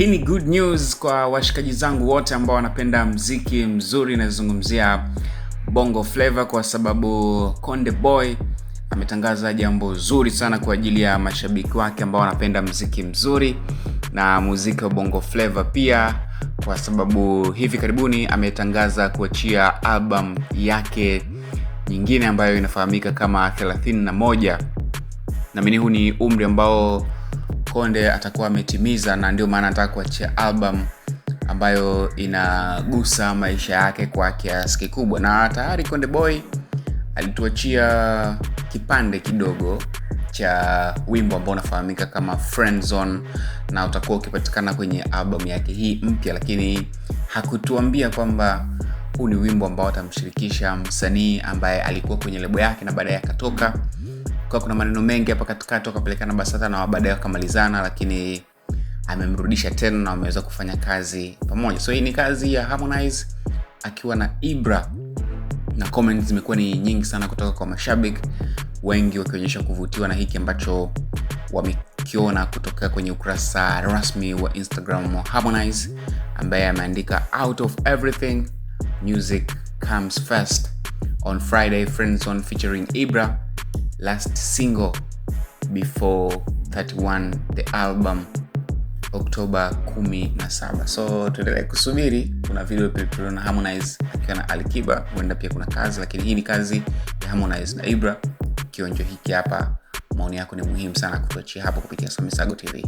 Hii ni good news kwa washikaji zangu wote ambao wanapenda mziki mzuri, inazungumzia bongo flavo kwa sababu conde Boy ametangaza jambo zuri sana kwa ajili ya mashabiki wake ambao wanapenda mziki mzuri na muziki wa bongo flavo pia, kwa sababu hivi karibuni ametangaza kuachia album yake nyingine ambayo inafahamika kama 31 na huu ni umri ambao Konde atakuwa ametimiza, na ndio maana anataka kuachia album ambayo inagusa maisha yake kwa kiasi kikubwa, na tayari Konde Boy alituachia kipande kidogo cha wimbo ambao unafahamika kama Friend Zone, na utakuwa ukipatikana kwenye albamu yake hii mpya, lakini hakutuambia kwamba huu ni wimbo ambao atamshirikisha msanii ambaye alikuwa kwenye lebo yake na baadaye akatoka kwa kuna maneno mengi hapa katikati wakapelekana BASATA na baadaye wakamalizana, lakini amemrudisha tena na wameweza kufanya kazi pamoja. So hii ni kazi ya Harmonize akiwa na Ibra na comments zimekuwa ni nyingi sana kutoka kwa mashabiki wengi wakionyesha kuvutiwa na hiki ambacho wamekiona kutoka kwenye ukurasa rasmi wa Instagram wa Harmonize ambaye ameandika out of everything music comes first on Friday friends on featuring Ibra last single before 31 the album Oktoba 17. So tuendelee kusubiri, kuna video pia tuliona Harmonize akiwa na Alikiba, huenda pia kuna kazi, lakini hii ni kazi ya Harmonize na Ibra. Kionjo hiki hapa, maoni yako ni muhimu sana kutuachia hapo kupitia Samisago TV.